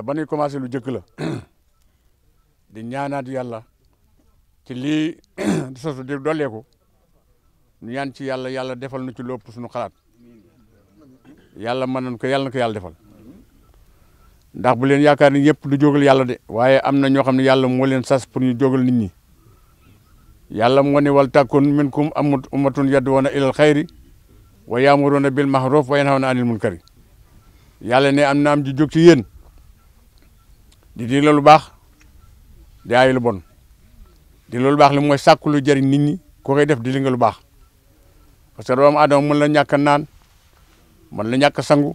te ba ñuy commencé lu jëkk la di ñaanaat yàlla ci lii sosu di dolleeku ñu ñaan ci yàlla yàlla defal nu ci lopp suñu xalaat yàlla mën nañ ko yàlla na ko yàlla defal ndax bu leen yaakaar ni ñëpp du jógal yàlla de waaye am na ñoo xam ne yàlla moo leen sas pour ñu jógal nit ñi yàlla moo ne wal tàkkun minkum amut ummatun yad'una ilal xayri wa ya'muruna bil ma'ruf wa yanhawna anil munkari yàlla ne am na am ji jóg ci yéen di di lolu bax di ay lu bon di lolu bax li moy sakku lu jari nit ni ko koy def di li nga lu bax parce que doom adam mën la ñak naan mën la ñak sangu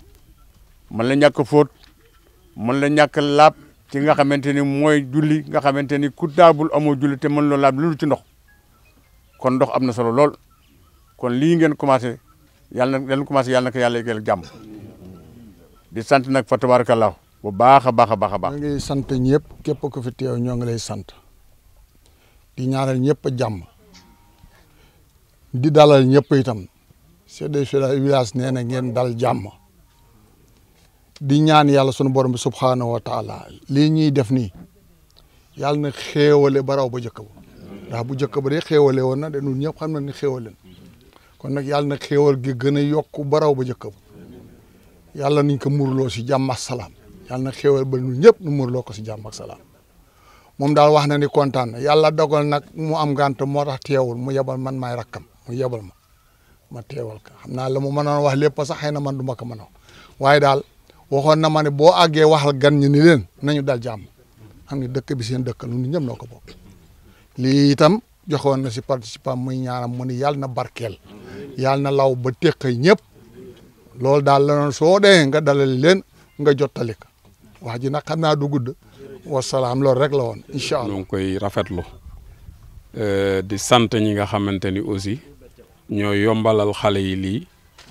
mën la ñak foot mën la ñak laab ci nga xamanteni moy julli nga xamanteni ku daabul amo julli te mën lo laab lu ci ndox kon ndox amna solo lol kon li ngeen commencé yalla ngeen commencé yalla nak yalla di sant nak fa tabarakallah bu baax a baax a baax a baax. ñoo ngi sant ñëpp képp ku fi teew ñoo ngi lay sant di ñaanal ñëpp jàmm di dalal ñëpp itam chef de village nee na ngeen dal jàmm di ñaan yàlla sunu borom bi subhaanahu wa taala lii ñuy def nii yàlla na xéewale baraw ba njëkk ba ndax bu njëkk ba de xéewale woon na de ñun ñëpp xam na ni xéewale na kon nag yàlla na xéewal gi gën a yokk baraw ba njëkk ba yàlla nañ ko murloo si jàmm ak salaam yàlla na xéewal ba ñu ñep ñu muurloo ko si jamm ak salam mom dal wax na ni kontaan yalla dogal nak mu am gant mo tax teewul mu yebal man may rakam mu yebal ma ma teewal ka xamna la mu mënon wax lepp sax xëy man duma ko mëno waye dal waxon na ma bo agge waxal gan ñi ni len nañu dal jamm am ni dekk bi seen dekk lu ñu ñep noko bok li itam joxon na si participant muy ñaanam mu ni yàlla na barkel yàlla na law ba tekkay ñep lol dal la non so de nga dalal len nga jottali wax ji nag xam lo du gudd. wasalaam lo rek la woon incha allah. ñu koy rafetlu eh, di sant ñi nga xamante aussi ñoo yombalal xale yi lii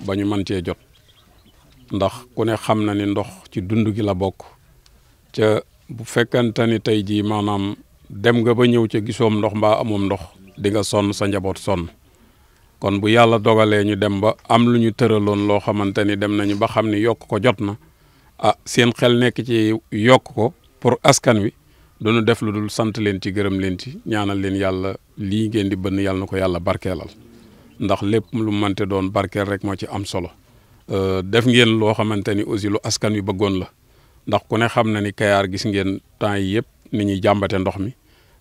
ba ñu mën cee jot ndax ku ne xam na ni ndox ci dund gi la bokk ca bu dem nga ba ñëw ca gisoom ndox mbaa amoom ndox di nga sa kon bu dogale dogalee ñu dem ba am lu ñu lo loo dem nañu ba ni ko jotna na a ah, seen xel nekk ci yokk ko pour askan wi doonu def lu dul sant leen ci gërëm leen ci ñaanal leen yàlla lii ngeen di bënn yàlla na ko yàlla barkeelal ndax lépp lu mënte doon barkeel rek moo ci am solo euh, def ngeen loo xamante ni aussi lu askan wi bëggoon la ndax ku ne xam na ni Kayaar gis ngeen temps yi yëpp ni ñuy jàmbate ndox mi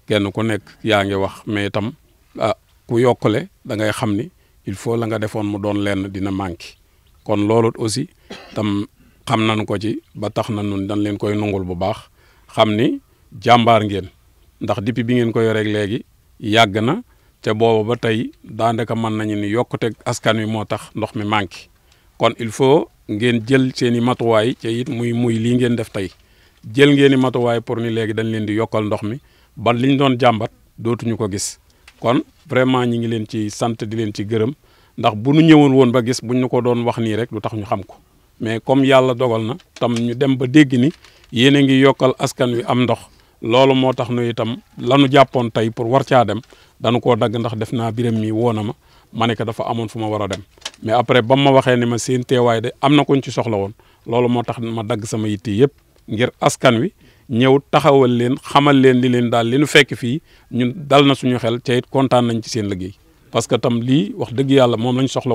kenn ku nekk yaa ngi wax mais itam ah ku yokkule da ngay xam ni il faut la nga defoon mu doon lenn dina manqué kon loolu aussi tam xam nañu ko ci ba tax na nun dañ leen koy nungul bu baax xam ni jàmbaar ngeen ndax depuis bi ngeen ko yoreeg léegi yàgg na te booba ba tey daanaka mën nañu ni yokkuteg askan wi moo tax ndox mi manqué kon il faut ngeen jël seen i matuwaay te it muy muy lii ngeen def tey jël ngeen i matuwaay pour ni léegi dañ leen di yokkal ndox mi ba ñu doon jàmbat dootuñu ko gis kon vraiment ñi ngi leen ci sant di leen ci gërëm ndax bu nu ñëwoon woon ba gis buñ ñu ko doon wax nii rek lu tax xam ko mais comme yàlla dogal na tam ñu dem ba dégg ni yéen a ngi yokkal askan wi am ndox loolu moo tax nu itam lanu jàppoon tey pour war caa dem dañu koo dagg ndax def naa biram mi woo na ma ma ne ko dafa amoon fu ma war a dem mais après ba ma waxee ni ma seen teewaay de am na ko kuñ ci soxla woon loolu moo tax ma dagg sama yitte yëpp ngir askan wi ñëw taxawal leen xamal leen ni leen daal li nu fekk fii ñun dal na suñu xel te it kontaan nañ ci seen liggéey parce que tam lii wax dëgg yàlla moom lañ soxla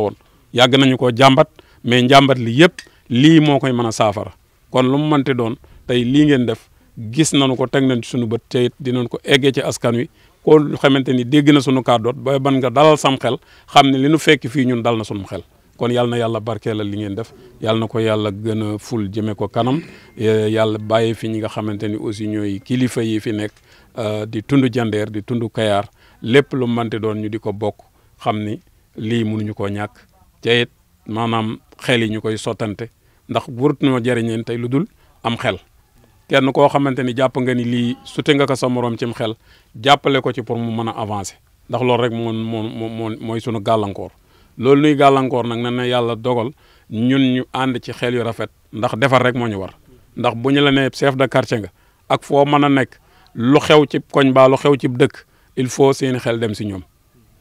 mais njàmbat li yëpp lii moo koy mën a saafara kon lu mu mënti doon tey lii ngeen def gis nanu ko teg nañ ci sunu bët te it ko eggee ci askan wi koo xamante ni dégg na sunu kàddoot ba ban nga dalal sam xel xam ne li nu fekk fii ñun dal na sunu xel kon yàlla na yàlla barkeelal li ngeen def yàlla na ko yàlla gën ful jëme ko kanam e, yàlla bàyyi fi ñi nga xamante ni aussi ñooy kilifa yi fi nekk e, di tundu jandeer di tund kayaar lépp lu mënti doon ñu di ko bokk xam ni lii mënuñu koo ñàkk xel yi ñu koy sottante ndax warut noo jëriñeen tey lu dul am xel kenn koo xamante ni jàpp nga ni lii sute nga ko sa moroom cim xel jàppale ko ci pour mu mën a avancer ndax loolu rek moo moo moo mooy sunu gàllankoor loolu nuy gàllankoor nag na ne yàlla dogal ñun ñu ànd ci xel yu rafet ndax defar rek moo ñu war ndax bu ñu la nee chef de quartier nga ak foo mën a nekk lu xew ci koñ baa lu xew ci dëkk il faut seeni xel dem si ñoom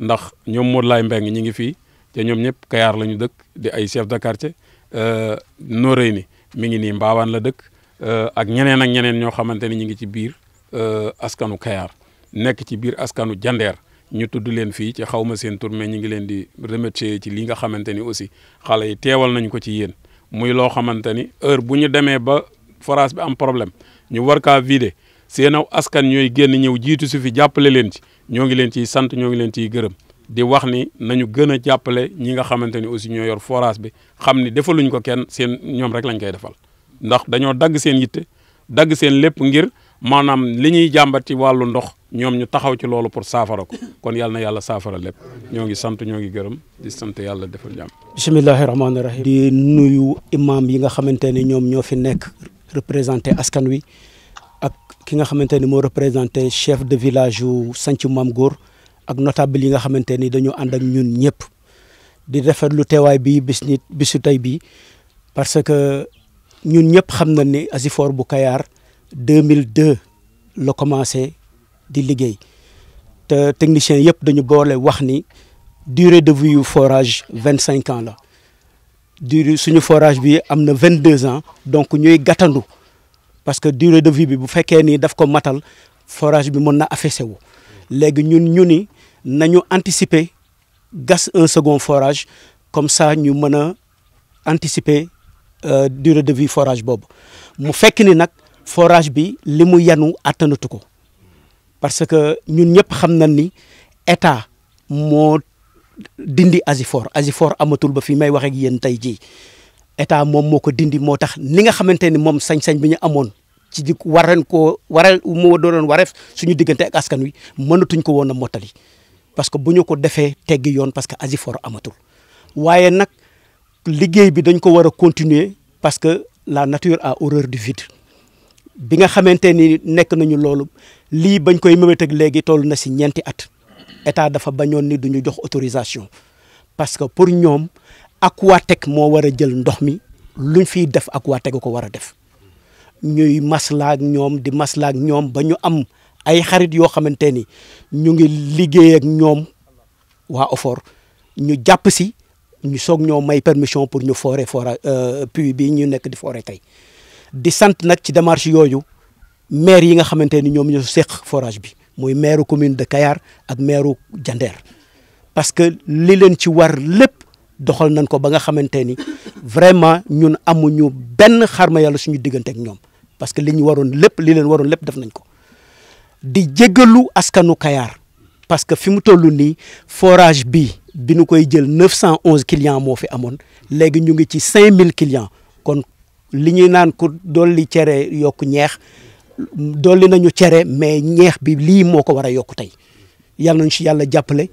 ndax ñoom Modou Laye Mbengue ñi ngi fii te ñoom ñëpp kayaar la ñu dëkk di ay chef de quartier euh, nooree ni mi ngi nii mbaawaan la dëkk euh, ak ñeneen ak ñeneen ñoo xamante ni ñu ngi ci biir euh, askanu Kayar nekk ci biir askanu Jandeer ñu tudd leen fii ci xawma ma seen tur mais ñu ngi leen di remercier ci li nga xamante ni aussi xale yi teewal nañu ko ci yéen muy loo xamante ni heure bu ñu demee ba forage bi am problème ñu war kaa vider seen aw askan ñooy génn ñëw jiitu su fi jàppale leen ci ñoo ngi leen ci sant ñoo ngi leen ciy gërëm. di wax ni nañu gën a jàppale ñi nga xamante ni aussi ñoo yor forage bi xam ni defaluñ ko kenn seen ñoom rek lañ koy defal ndax dañoo dagg seen yitte dagg seen lépp ngir maanaam li ñuy jàmbat ci wàllu ndox ñoom ñu taxaw ci loolu pour saafara ko kon yàlla na yàlla saafara lépp ñoo ngi sant ñoo ngi gërëm di sant yàlla defal jàmm. bisimilahi rahmaani rahim. di nuyu imam yi nga xamante ne ñoom ñoo fi nekk représenté askan wi ak ki nga xamante ni moo représenté chef de village yu Santhiou Mame Gor ak notable yi nga xamante ni dañoo ànd ak ñun ñëpp di rafetlu teewaay bi bis nit bisu tey bi parce que ñun ñëpp xam na ni Azifor bu Kayar 2002 la commencé di liggéey te technicien yëpp dañu boole wax ni durée de vie yu forage 25 ans la durée suñu forage bi am na vingt ans donc ñuy gàttandu parce que durée de vie bi bu fekkee ni daf ko matal forage bi mën na affaissé wu léegi ñun ñu ni nañu anticiper gas un second forage comme ça ñu mën a anticiper euh, durée de vie forage boobu mu fekk ni nag forage bi li mu yanu attanatu ko parce que ñun ñëpp xam nañ ni état moo dindi for Asifor Asifor amatul ba fii may wax ak yéen tey jii état moom moo ko dindi moo tax li nga xamante ni moom sañ-sañ bi ñu amoon ci di waran ko waral moo doon wareef suñu diggante ak askan wi mënatuñ ko woon a mottali parce que bu ñu ko defee teggi yoon parce que Asifor amatul waaye nag liggéey bi dañ ko war a continuer parce que la nature a horreur du vide bi nga xamante ni nekk nañu loolu lii bañ koy mëbët ak léegi toll na si ñeenti at état dafa bañoon ni duñu jox autorisation parce que pour ñoom Aquatech moo war a jël ndox mi luñ fiy def Aquatech ko war a def ñuy maslaak ñoom di maslaak ñoom bañu am ay xarit yoo xamante ni ñu ngi liggéey ak ñoom waa OFOR ñu jàpp si ñu soog ñoo may permission pour ñu forer fora euh, puits bi ñu nekk di forer tey di sant nag ci démarche yooyu maire yi nga xamante ni ñoom ñoo seq forage bi muy maire commune de Kayar ak maire Jandère parce que li leen ci war lépp doxal nañ ko ba nga xamante ni vraiment ñun amuñu benn xarma yàlla suñu diggante ak ñoom parce que li ñu waroon lépp li leen waroon lépp def nañ ko di jégalu askanu kayaar parce que fi mu toll nii forage bi bi nu koy jël neuf cent onze clients moo fi amoon léegi ñu ngi ci cinq mille clients kon li ñuy naan ku dolli cere yokk ñeex dolli nañu cere mais ñeex bi lii moo ko war a yokk tey yàlla nañu si yàlla jàppale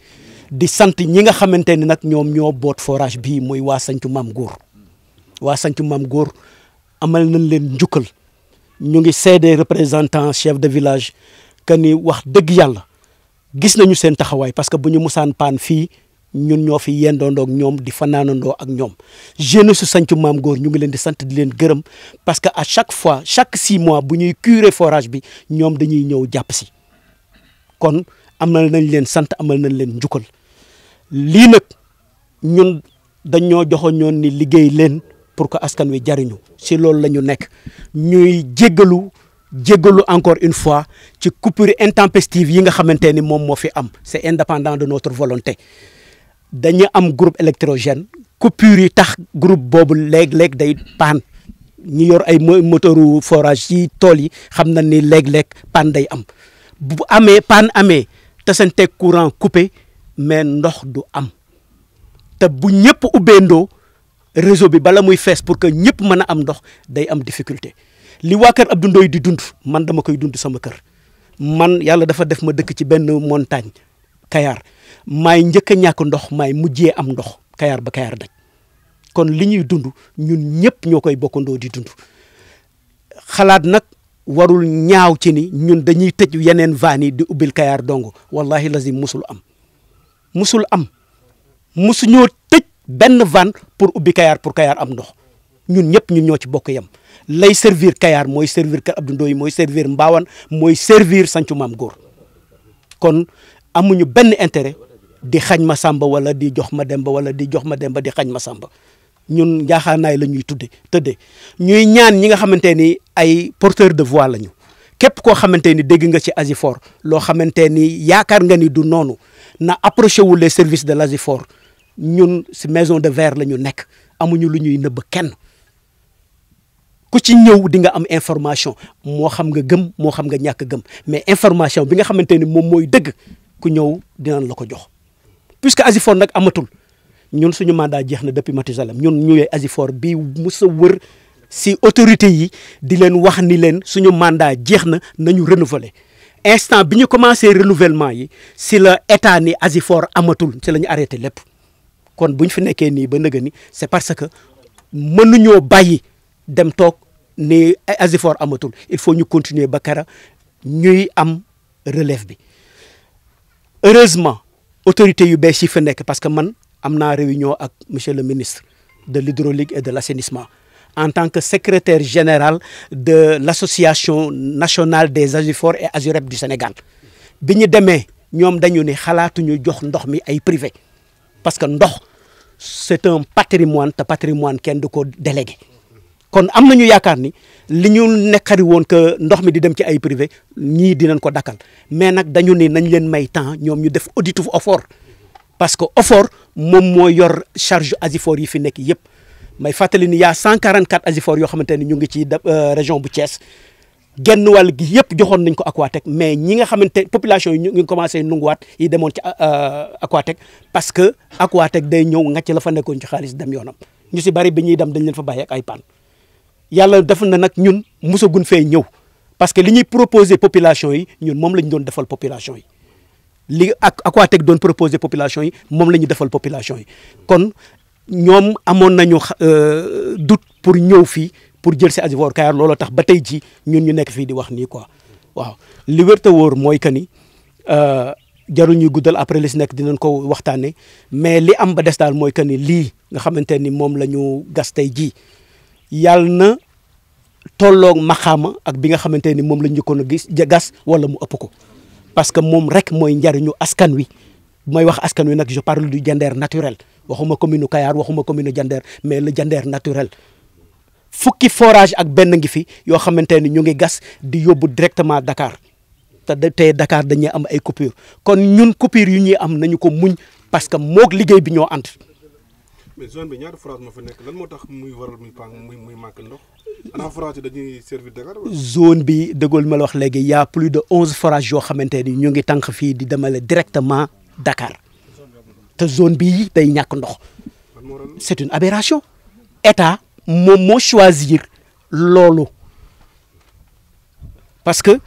di sant ñi nga xamante ni nag ñoom ñoo boot forage bii mooy waa sancu maam góor waa sancu maam góor amal nañ leen njukkal ñu ngi seede représentant chef de village que ni wax gis nañu seen taxaway parce que buñu musan pan fi ñun ño fi yendoondoo ak ñom di fanaanandoo ak je ne su santu maam gor ñu ngi leen di sant di leen gërëm parce que à chaque fois chaque 6 mois buñuy forage bi ñom dañuy ñew japp si kon amal nañ leen sant amal nañ leen njukkal li nak ñun dañoo joxoon ñoon ni liggey leen pour que askan wi jariñu si loolu lañu nek ñuy jéggelu encore une fois ci coupure intempestive yi nga am indépendant de notre volonté dañu am groupe électrogène coupure yi tax groupe bobu leg leg day pan. ñu yor ay forage ci ni day am bu amé pan amé te courant coupé mais ndox du am bu réseau bi bala pour que ñëpp mëna day am difficulté li waa kër Abdou Ndoye di dund man dama koy dund sama kër man yàlla dafa def ma dëkk ci benn montagne Kayar maay njëkk a ñàkk ndox maay mujjee am ndox Kayar ba Kayar daj kon li ñuy dund ñun ñëpp ñoo koy bokkandoo di dund xalaat nag warul ñaaw ci ni ñun dañuy tëj yeneen van yi di ubbil Kayar dong wallahi lazim musul am musul am musu ñoo tëj benn van pour ubbi kayaar pour kayaar am ndox ñun ñëpp ñun ñoo ci bokk yem lay servir Kayar mooy servir Kër Abdou Ndoye mooy servir mbaawan mooy servir Santhiou Mame Gor kon amuñu benn intérêt di xañ ma samba wala di jox ma demba wala di jox ma demba di xañ ma samba ñun njaaxaanaay la ñuy tudde tëddee ñuy ñaan ñi nga xamante ni ay porteur de voix lañu képp koo xamante ni dégg nga ci Asifor loo xamante ni yaakaar nga ni du noonu na approché wu les services de l'Asifor ñun si maison de verre la ñu nekk amuñu lu ñuy nëbb kenn ku ci ñew di nga am information mo xam nga gëm mo xam nga ñak gëm mais information bi nga xamanteni mom moy deug ku ñew dinañ la ko jox puisque Azifor nak amatul ñun suñu mandat jeex na depuis Mathusalem ñun ñëwee Azifor bi mus a wër si autorité yi di leen wax ni leen suñu mandat jeex na nañu renouveler instant bi ñu commencé renouvellement yi si le état ni Azifor amatul ci lañu ñu arrêté lépp kon buñ fi nekké ni ba nëga ni c'est parce que mënuñoo bayyi dem tok ni il faut nous continuer bakara, nous am relève bi heureusement autorité yu bees parce que man am réunion avec monsieur le ministre de l'hydraulique et de l'assainissement en tant que secrétaire général de l'association nationale des Azifor et azurep du Sénégal Biñu démé ñom dañu ne xalaatuñu jox ndox mi ay privé parce que ndox c'est un patrimoine ta patrimoine kenn ko délégué kon am nañu yaakaar ni li ñu nekkari woon que ndox mi di dem ci ay privé ñii dinañ ko dakkal mais nag dañu ne nañ leen may temps ñoom ñu def audit fu OFOR parce que OFOR moom mooy yor charge azifor yi fi nekk yëpp may fàttali ni y' a 144 azifor yoo xamante ni ñu ngi ci euh, région bu Thiès genn wàll gi yëpp joxoon nañ ko Aquatec mais ñi nga xamante population yi ñu ngi commencé nunguwaat yi demoon ci euh, Aquatec parce que Aquatec day ñëw ngacc la fa nekkoon ci xaalis dem yoonam ñu si bari bi ñuy dem dañ leen fa bàyyi ak ay panne yalla def na nak ñun musagun fee ñew parce que li ñuy proposer population yi ñun mom lañ ñu doon defal population yi li ak Aquatech doon proposer population yi mom la defal population yi kon ñom amon nañu euh doute pour ñew fi pour jël ci Asivor Kayar lolo tax ba tey ji ñun ñu nek fi di wax ni quoi waaw li wér te wóor mooy que ni euh, jarul ñuy guddal après li nek dinañ ko waxtane mais li am ba des dal moy que li nga xamanteni mom lañu gas tay ji Yalna na tolloog maxaama ak bi nga xamanteni ni lañu ko gis gas wala mu ëpp ko parce que mom rek moy njariñu askan wi moy wax askan wi natural je parle du gender naturel waxuma commune Kayar waxuma commune gender mais le gender naturel fukki forage ak ben ngi fi yo xamanteni ñu ngi gas di yobbu directement Dakar te Dakar dañuy am ay coupure kon ñun coupure yu ñi am nañu ko muñ parce que mok liggey bi ñoo mais zone bi ñaari forage ma fa nekk lan moo tax muy waral muy pang muy muy manque ndox xanaa forage dañuy servir Dakar zone bi dëggool ma la wax léegi y' a plus de 11 forages yoo xamante ni ñu ngi tànq fii di demale directement Dakar te zone bi day ñàkk ndox c' est une aberration état moom moo choisir loolu parce que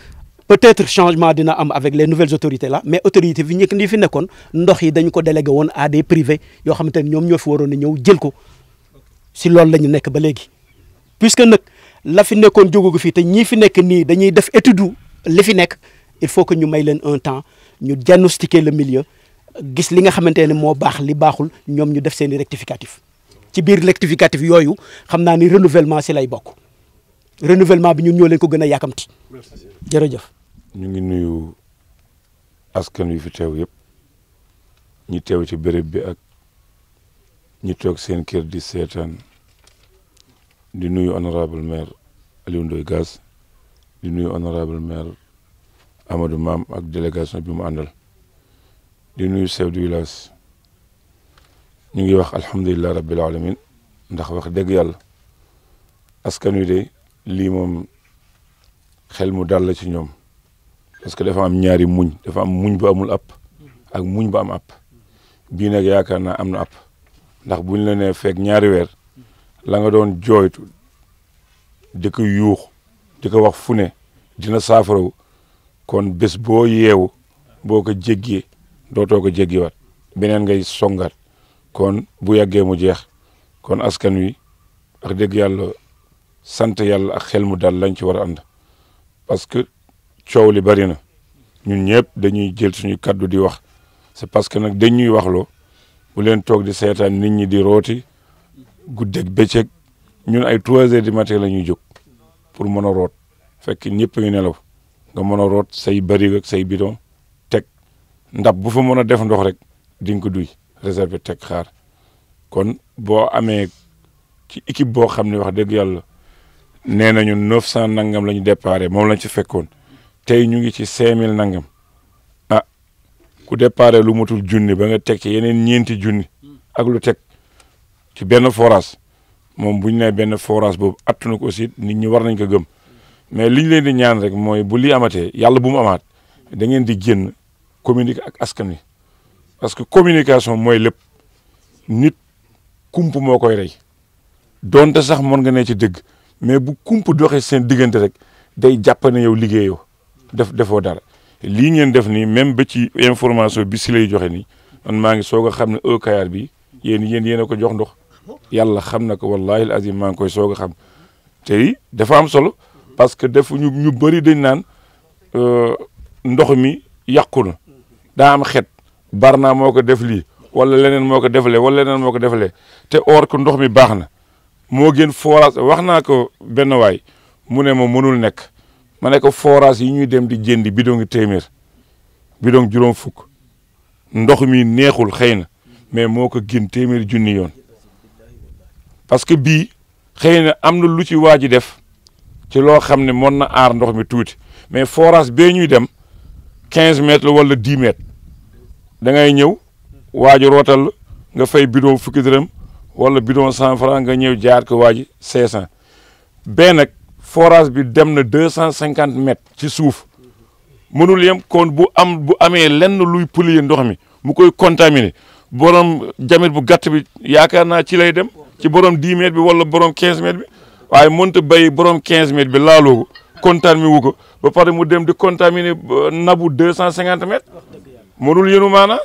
peut-être changement dina am avec les nouvelles autorités là mais autorités fi ñëkk ni fi nekkoon ndox yi dañ ko délégué à des privés yo xamanteni ñom ñoom warone ñew jël ko si lool lañu ñu nekk ba légui puisque nag la fi nekkoon jógagu fi té ñi fi nekk ni dañuy def étude li fi nekk il faut que ñu may leen un temps ñu diagnostiquer le milieu gis li nga xamanteni mo bax li baxul ñom ñu def seen rectificatif ci biir rectificatif yoyu xamna ni renouvellement si lay bokk renouvellement bi ñun ñoo leen ko gëna yakamti yàkkamti jërëjëf ñu ngi nuyu askan wi fi teew yëpp ñi teew ci béréb bi ak ñi toog seen kër di seetaan di nuyu honorable maire Aliou Ndoye di nuyu honorable maire Amadou Mam ak délégation bi mu àndal di nuyu chef du village ñu ngi wax alhamdulilah rabbil alamin ndax wax dëgg yàlla askan wi de lii moom xel mu dal ci ñoom parce que dafa am ñaari muñ dafa am muñ bu amul app ak muñ bu am app bii nag yaakaar naa am na app ndax buñ la nee fekk ñaari weer la nga doon jooytu di ko yuux di ko wax fu ne dina saafaraw kon bés boo yeewu boo ko jéggee dootoo ko jéggiwaat beneen ngay songar kon bu yàggee mu jeex kon askan wi ak dégg yàlla sant yàlla ak xel mu dal lañ ci war a ànd coow li bari na ñun ñëpp dañuy jël suñu kaddu di wax c'est parce que nag dañuy waxloo bu leen toog di seetaan nit ñi di rooti guddeeg bëccëg ñun ay trois heures du matin la ñuy jóg pour mën a root fekk ñëpp ngi nelaw nga mën a root say bari ak say bidon teg ndab bu fa mën a def ndox rek di ko duy réserver teg xaar kon boo amee ci équipe boo xam ne wax dëgg yàlla nee nañu neuf cent nangam la ñu déparé moom lañ ci fekkoon tey ñu ngi ci cinq mille nangam ah ku déparé lu matul junni ba nga teg ci yeneen ñeenti junni ak lu teg ci benn forage moom buñ ñu nee benn forage boobu attuna ko aussi nit ñi war nañ ko gëm mais liñ leen di ñaan rek mooy bu lii amatee yàlla bu mu amaat da ngeen di génn communiquer ak askan wi parce que communication mooy lépp nit kump moo koy rey donte sax mën nga ne ci dëgg mais bu kump doxee seen diggante rek day jàpp ne yow liggéeyoo. def defoo dara lii ngeen def nii même ba ci information bi si lay joxe nii man maa ngi soog a xam ne Eau Kayar bi yéen yéen yéen a ko jox ndox yàlla xam na ko wallahi al azim maa ngi koy soog xam te dafa am solo parce que def ñu ñu bëri dañ naan euh, ndox mi yàqu na daa am xet bar naa moo ko def lii wala leneen moo ko defalee wala leneen moo ko defalee te or ko ndox mi baax na moo gën forage wax naa ko benn waay mu ne ma mënul nekk ma ne ko forage yi ñuy dem di jëndi bidon gi téeméer bidon juróom fukk ndox mi neexul xëy na mais moo ko gën téeméer junni yoon parce que bii xëy na am na lu ci waa def ci loo xam ne moon na aar ndox mi tuuti mais forage bee ñuy dem quinze mètres la wala dix mètres da ngay ñëw waa rootal nga fay bidon fukki dërëm wala bidon cent franc nga ñëw jaar ko waa ji cinq cent bee nag forage bi dem na deux cent cinquante mètres ci suuf mënul yem kon bu am bu amee lenn luy polluer ndox mi mu koy contaminer borom jamit bu gàtt bi yaakaar naa ci lay dem ci borom dix mètres bi wala borom quinze mètres bi waaye mënta bay borom quinze mètres bi laaloo ko contaminer wu ko ba pare mu dem di contaminer nabu deux cent cinquante mètres mënul yenu maana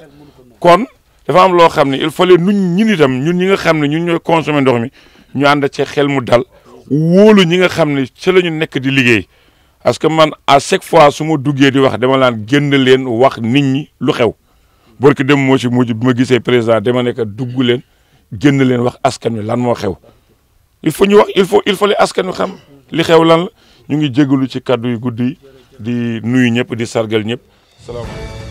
kon dafa am loo xam ne il fallait ñun ñun itam ñun ñi nga xam ne ñun ñooy consommer ndox mi ñu ànd ci xel mu dal wóolu ñi nga xam ne ci la ñu nekk di liggéey parce que man à chaque fois su ma duggee di wax dama laan génn leen wax nit ñi lu xew. barki dem moo si mujj bi ma gisee président dama nekk dugg leen génn leen wax askan wi lan moo xew il faut ñu wax il faut il faut li askan wi xam li xew lan la ñu ngi jégalu ci kàddu yu guddi yi di nuyu ñëpp di sargal ñëpp salaamaaleykum.